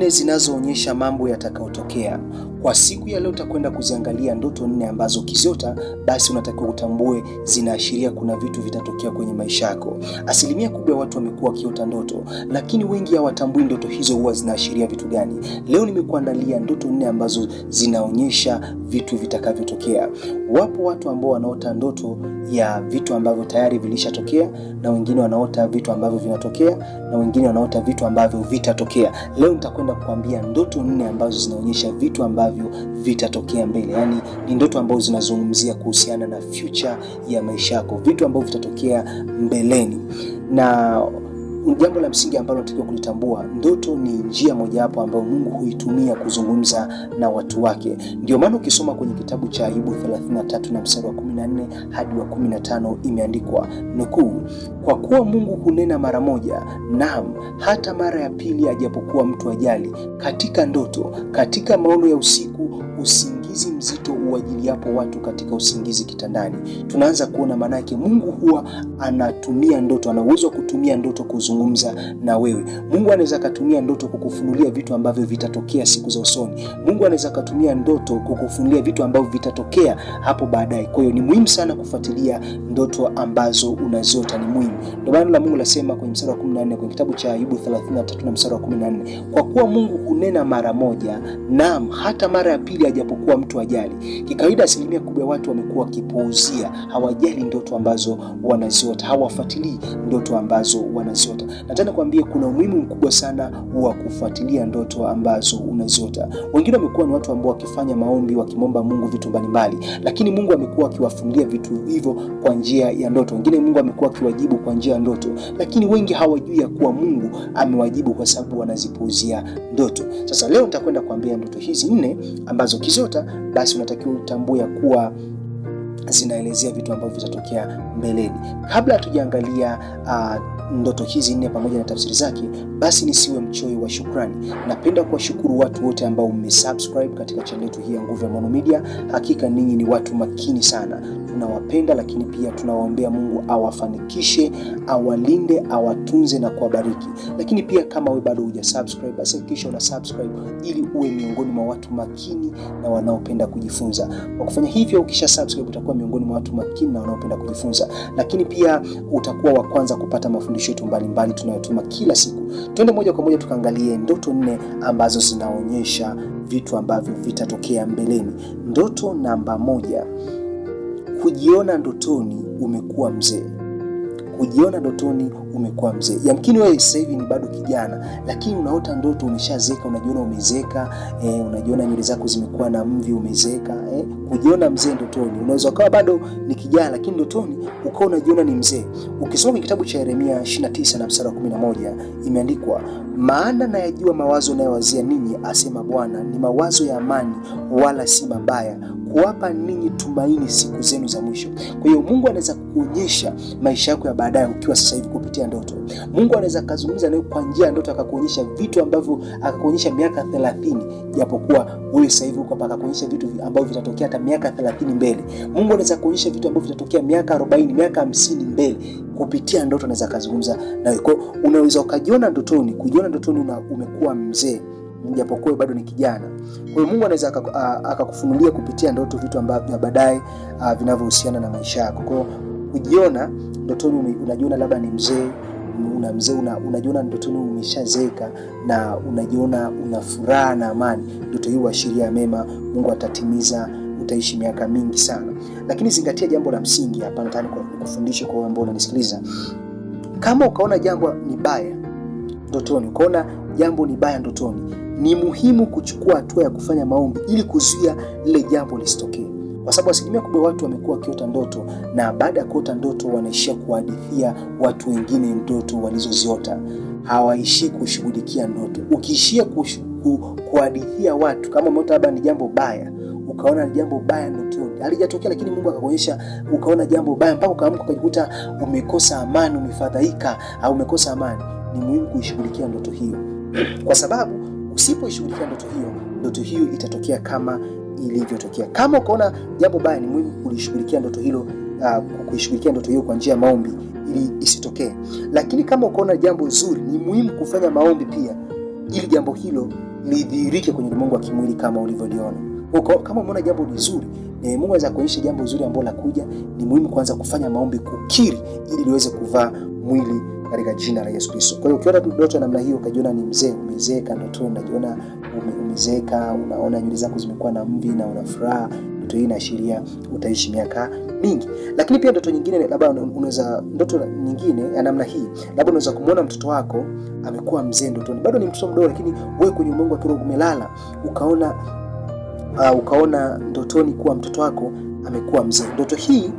nne zinazoonyesha mambo yatakayotokea. Kwa siku ya leo utakwenda kuziangalia ndoto nne ambazo ukiziota basi unatakiwa utambue zinaashiria kuna vitu vitatokea kwenye maisha yako. Asilimia kubwa ya watu wamekuwa wakiota ndoto, lakini wengi hawatambui ndoto hizo huwa zinaashiria vitu gani. Leo nimekuandalia ndoto nne ambazo zinaonyesha vitu vitakavyotokea. Wapo watu ambao wanaota ndoto ya vitu ambavyo tayari vilishatokea, na wengine wanaota vitu ambavyo vinatokea, na wengine wanaota vitu ambavyo vitatokea. Leo nitakwenda kukuambia ndoto nne ambazo zinaonyesha vitu ambavyo ambavyo vitatokea mbele. Yani ni ndoto ambazo zinazungumzia kuhusiana na future ya maisha yako, vitu ambavyo vitatokea mbeleni na Jambo la msingi ambalo natakiwa kulitambua, ndoto ni njia mojawapo ambayo Mungu huitumia kuzungumza na watu wake. Ndio maana ukisoma kwenye kitabu cha Ayubu 33 na mstari wa 14 hadi wa 15, imeandikwa nukuu, kwa kuwa Mungu hunena mara moja, naam, hata mara ya pili, ajapokuwa mtu ajali, katika ndoto, katika maono ya usiku, usingizi mzito uajiliapo watu katika usingizi kitandani. Tunaanza kuona yake Mungu huwa anatumia ndoto, ana uwezo wa kutumia ndoto kuzungumza na wewe. Mungu anaweza akatumia ndoto kukufunulia vitu ambavyo vitatokea siku za usoni. Mungu anaweza akatumia ndoto kukufunulia vitu ambavyo vitatokea hapo baadaye. Kwa hiyo ni muhimu sana kufuatilia ndoto ambazo unaziota, ni muhimu. Ndio maana la Mungu lasema kwenye mstari wa 14 kwenye kitabu cha Ayubu 33 na mstari wa 14, kwa kuwa Mungu hunena mara moja, naam hata mara ya pili, ajapokuwa mtu ajali. Kikawaida, asilimia kubwa ya watu wamekuwa wakipuuzia, hawajali ndoto ambazo wanaziota, hawafuatilii ndoto ambazo wanaziota. Nataka kuambia kuna umuhimu mkubwa sana wa kufuatilia ndoto ambazo unaziota. Wengine wamekuwa ni watu ambao wakifanya maombi, wakimomba Mungu vitu mbalimbali, lakini Mungu amekuwa akiwafunulia vitu hivyo kwa njia ya ndoto. Wengine Mungu amekuwa akiwajibu kwa njia ya ndoto, lakini wengi hawajui ya kuwa Mungu amewajibu kwa sababu wanazipuuzia ndoto. Sasa leo nitakwenda kuambia ndoto hizi nne ambazo kiziota basi unatakiwa ya kuwa zinaelezea vitu ambavyo vitatokea mbeleni. Kabla hatujaangalia uh, ndoto hizi nne pamoja na tafsiri zake, basi nisiwe mchoyo wa shukrani. Napenda kuwashukuru watu wote ambao mmesubscribe katika channel yetu hii ya Nguvu ya Maono Media. Hakika ninyi ni watu makini sana, tunawapenda, lakini pia tunawaombea Mungu awafanikishe, awalinde, awatunze na kuwabariki. Lakini pia kama we bado hujasubscribe, basi hakikisha una subscribe ili uwe miongoni mwa watu makini na wanaopenda kujifunza. Kwa kufanya hivyo, ukisha subscribe utakuwa miongoni mwa watu makini na wanaopenda kujifunza, lakini pia utakuwa wa kwanza kupata mafundisho yetu mbalimbali tunayotuma kila siku. Twende moja kwa moja tukaangalie ndoto nne ambazo zinaonyesha vitu ambavyo vitatokea mbeleni. Ndoto namba moja: kujiona ndotoni umekuwa mzee kujiona ndotoni umekuwa mzee. Yamkini wewe sasa hivi ni bado kijana, lakini unaota ndoto umeshazeka, unajiona umezeka, eh, unajiona nywele zako zimekuwa na mvi, umezeka eh. Kujiona mzee ndotoni, unaweza ukawa bado ni kijana, lakini ndotoni ukawa unajiona ni mzee. Ukisoma kitabu cha Yeremia 29 na mstari wa 11 imeandikwa, maana nayajua mawazo nayowazia ninyi, asema Bwana, ni mawazo ya amani, wala si mabaya, kuwapa ninyi tumaini siku zenu za mwisho. Kwa hiyo Mungu anaweza kukuonyesha maisha yako ya baadaye baadaye ukiwa sasa hivi kupitia ndoto. Mungu anaweza akazungumza nawe kwa njia ya ndoto, akakuonyesha vitu ambavyo akakuonyesha miaka 30 japokuwa wewe sasa hivi uko hapa, akakuonyesha vitu ambavyo vitatokea hata miaka 30 mbele. Mungu anaweza kuonyesha vitu ambavyo vitatokea miaka 40, miaka 50 mbele kupitia ndoto, anaweza akazungumza nawe. Kwa unaweza ukajiona ndotoni, kujiona ndotoni una umekuwa mzee japokuwa bado ni kijana. Kwa hiyo Mungu anaweza akakufunulia kupitia ndoto vitu ambavyo baadaye vinavyohusiana na maisha yako. Kwa hiyo kujiona ndotoni unajiona labda ni mzee una mzee una, unajiona ndotoni umeshazeka na unajiona una furaha na amani, ndoto hiyo huashiria mema, Mungu atatimiza, utaishi miaka mingi sana. Lakini zingatia jambo la msingi hapa, nataka nikufundishe kwa wewe ambao unanisikiliza, kama ukaona jambo ni baya ndotoni, ukaona jambo ni baya ndotoni, ni muhimu kuchukua hatua ya kufanya maombi ili kuzuia lile jambo lisitokee kwa sababu asilimia kubwa watu wamekuwa wakiota ndoto na baada ya kuota ndoto wanaishia kuhadithia watu wengine ndoto walizoziota, hawaishii kushughulikia ndoto. Ukiishia kuhadithia watu kama umeota labda ni jambo baya, ukaona ni jambo baya ndotoni, lakini Mungu akakuonyesha, ukaona jambo baya mpaka ukaamka ukajikuta umekosa amani, umefadhaika au umekosa amani. Ni muhimu kuishughulikia ndoto hiyo, kwa sababu usipoishughulikia ndoto hiyo, ndoto hiyo itatokea kama ilivyotokea. Kama ukaona jambo baya, ni muhimu kulishughulikia ndoto hilo, uh, kuishughulikia ndoto hiyo kwa njia ya maombi ili isitokee. Lakini kama ukaona jambo zuri, ni muhimu kufanya maombi pia, ili jambo hilo lidhihirike kwenye ulimwengu wa kimwili kama ulivyoliona. Kama umeona jambo zuri na Mungu anaweza kuonyesha jambo zuri ambalo la kuja, ni muhimu kwanza kufanya maombi, kukiri ili liweze kuvaa mwili katika jina la Yesu Kristo. Kwa hiyo ukiona ndoto ya namna hiyo ukajiona ni mzee, umezeeka, ndoto unajiona umezeeka, unaona nywele zako zimekuwa na mvi na una furaha, ndoto hii inaashiria utaishi miaka mingi. Lakini pia ndoto nyingine labda unaweza, ndoto nyingine ya namna hii labda unaweza kumwona mtoto wako amekuwa mzee ndotoni, bado ni mtoto mdogo, lakini wewe kwenye ulimwengu wa kiroho umelala, ukaona uh, ukaona ndotoni kuwa mtoto wako amekuwa mzee. Ndoto hii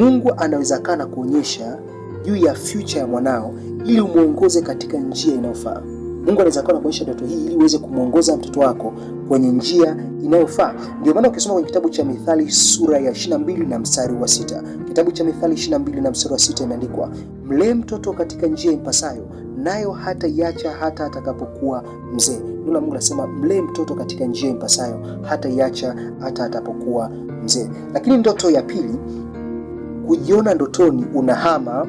Mungu anaweza kana kuonyesha juu ya future ya mwanao ili umuongoze katika njia inayofaa. Mungu anaweza kuwa anakuonyesha ndoto hii ili uweze kumuongoza mtoto wako kwenye njia inayofaa. Ndio maana ukisoma kwenye kitabu cha Mithali sura ya 22 na mstari wa sita, kitabu cha Mithali 22 na mstari wa sita imeandikwa, mlee mtoto katika njia impasayo nayo hata iacha hata atakapokuwa mzee. Ndio Mungu anasema mlee mtoto katika njia impasayo hata iacha hata atakapokuwa mzee. Lakini ndoto ya pili, kujiona ndotoni unahama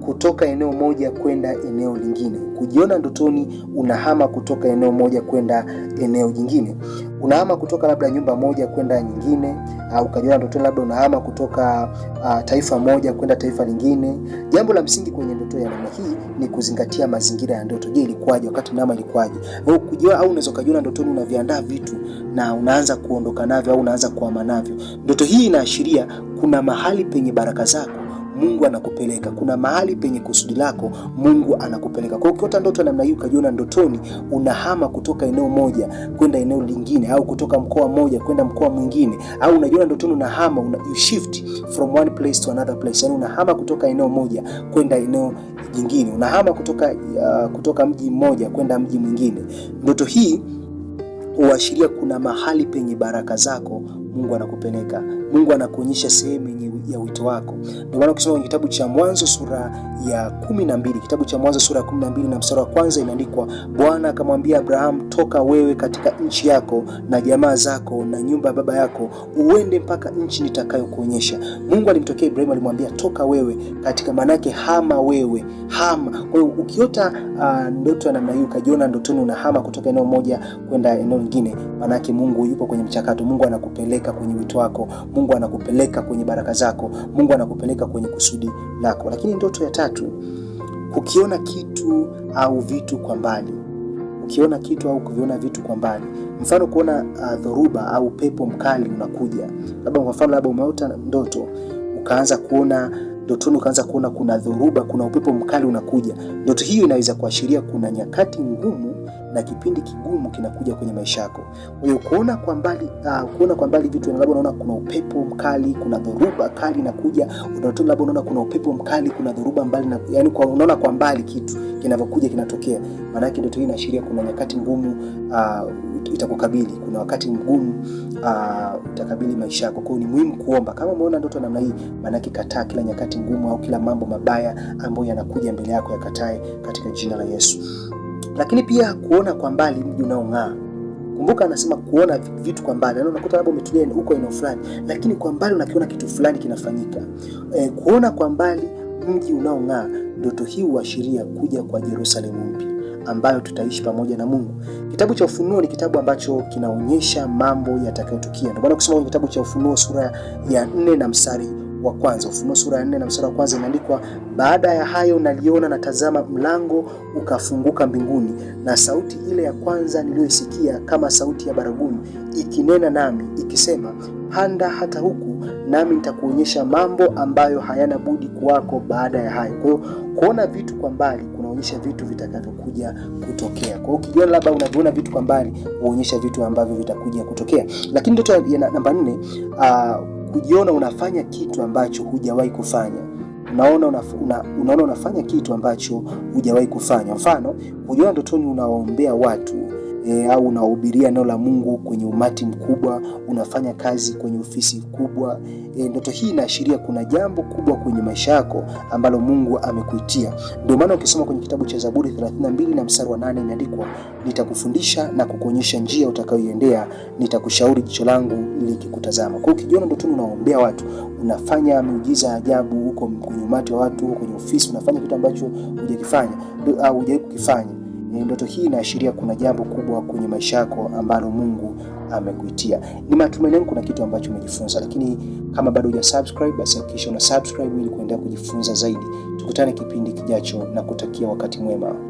kutoka eneo moja kwenda eneo lingine. Kujiona ndotoni unahama kutoka eneo moja kwenda eneo jingine, unahama kutoka labda nyumba moja kwenda nyingine, au ukajiona ndotoni labda unahama kutoka uh, taifa moja kwenda taifa lingine. Jambo la msingi kwenye ndoto ya namna hii ni kuzingatia mazingira ya ndoto. Je, ilikuwaje wakati nama ilikuwaje? Au kujiona au unaweza kujiona ndotoni unaviandaa vitu na unaanza kuondoka navyo au unaanza kuhama navyo. Ndoto hii inaashiria kuna mahali penye baraka zako Mungu anakupeleka. Kuna mahali penye kusudi lako, Mungu anakupeleka. Kwa hiyo ukiota ndoto namna hii ukajiona ndotoni unahama kutoka eneo moja kwenda eneo lingine, au kutoka mkoa mmoja kwenda mkoa mwingine, au unajiona ndotoni unahama, una you shift from one place to another place, yani unahama kutoka eneo moja kwenda eneo jingine, unahama kutoka uh, kutoka mji mmoja kwenda mji mwingine. Ndoto hii huashiria kuna mahali penye baraka zako Mungu anakupeleka. Mungu anakuonyesha sehemu ya wito wako. Ndio maana ukisoma kwenye kitabu cha Mwanzo sura ya kumi na mbili kitabu cha Mwanzo sura ya kumi na mbili na mstari wa kwanza imeandikwa, Bwana akamwambia abraham toka wewe katika nchi yako na jamaa zako na nyumba ya baba yako, uende mpaka nchi nitakayokuonyesha. Mungu alimtokea Ibrahimu, alimwambia toka wewe katika, manake hama wewe, hama. Kwa hiyo ukiota uh, ndoto ya namna hiyo ukajiona ndotoni unahama kutoka eneo moja kwenda eneo lingine, manake Mungu yupo kwenye mchakato. Mungu anakupeleka kwenye wito wako Mungu Mungu anakupeleka kwenye baraka zako, Mungu anakupeleka kwenye kusudi lako. Lakini ndoto ya tatu, kukiona kitu au vitu kwa mbali ukiona kitu au kuviona vitu kwa mbali, mfano kuona uh, dhoruba au pepo mkali unakuja, labda kwa mfano, labda umeota ndoto ukaanza kuona ndotoni, ukaanza kuona kuna dhoruba, kuna upepo mkali unakuja. Ndoto hiyo inaweza kuashiria kuna nyakati ngumu na kipindi kigumu kinakuja kwenye maisha yako. Kwa hiyo kuona kwa mbali, uh, kuona kwa mbali vitu, labda unaona kuna upepo mkali, kuna dhoruba kali inakuja, unaona labda unaona kuna upepo mkali, kuna dhoruba mbali na, yani kwa unaona kwa mbali kitu kinavyokuja kinatokea, maana yake ndio inaashiria kuna nyakati ngumu uh, itakukabili kuna wakati mgumu uh, utakabili maisha yako. Kwa hiyo ni muhimu kuomba. Kama umeona ndoto namna hii, maana yake kataa kila nyakati ngumu au kila mambo mabaya ambayo yanakuja mbele yako, yakatae katika jina la Yesu lakini pia kuona kwa mbali mji unaong'aa. Kumbuka anasema kuona vitu kwa mbali, yaani unakuta labda umetulia huko eneo fulani, lakini kwa mbali unakiona kitu fulani kinafanyika. E, kuona kwa mbali mji unaong'aa. Ndoto hii huashiria kuja kwa Yerusalemu mpya ambayo tutaishi pamoja na Mungu. Kitabu cha Ufunuo ni kitabu ambacho kinaonyesha mambo yatakayotukia. Ndio maana kusoma kitabu cha Ufunuo sura ya nne na mstari wa kwanza. Ufunuo sura ya 4 na mstari wa kwanza imeandikwa, baada ya hayo naliona na tazama, mlango ukafunguka mbinguni, na sauti ile ya kwanza niliyoisikia kama sauti ya baragumu ikinena nami ikisema, panda hata huku, nami nitakuonyesha mambo ambayo hayana budi kuwako baada ya hayo. Kwa hiyo kuona vitu kwa mbali kunaonyesha vitu vitakavyokuja kutokea. Kwa hiyo ukijiona labda unaviona vitu kwa mbali, huonyesha vitu ambavyo vitakuja kutokea. Lakini ndoto ya namba nne uh, kujiona unafanya kitu ambacho hujawahi kufanya unaona una, unaona unafanya kitu ambacho hujawahi kufanya. Mfano, kujiona ndotoni unawaombea watu e, au unahubiria neno la Mungu kwenye umati mkubwa, unafanya kazi kwenye ofisi kubwa e, ndoto hii inaashiria kuna jambo kubwa kwenye maisha yako ambalo Mungu amekuitia. Ndio maana ukisoma kwenye kitabu cha Zaburi 32 na msari wa 8 imeandikwa, nitakufundisha na kukuonyesha njia utakayoiendea, nitakushauri jicho langu likikutazama. Kwa hiyo ukijiona ndotoni unaombea watu, unafanya miujiza ya ajabu huko kwenye umati wa watu, kwenye ofisi, unafanya kitu ambacho hujakifanya au hujawahi kukifanya ndoto hii inaashiria kuna jambo kubwa kwenye maisha yako ambalo Mungu amekuitia. Ni matumaini yangu kuna kitu ambacho umejifunza, lakini kama bado huja subscribe, basi hakikisha una subscribe ili kuendelea kujifunza zaidi. Tukutane kipindi kijacho na kutakia wakati mwema.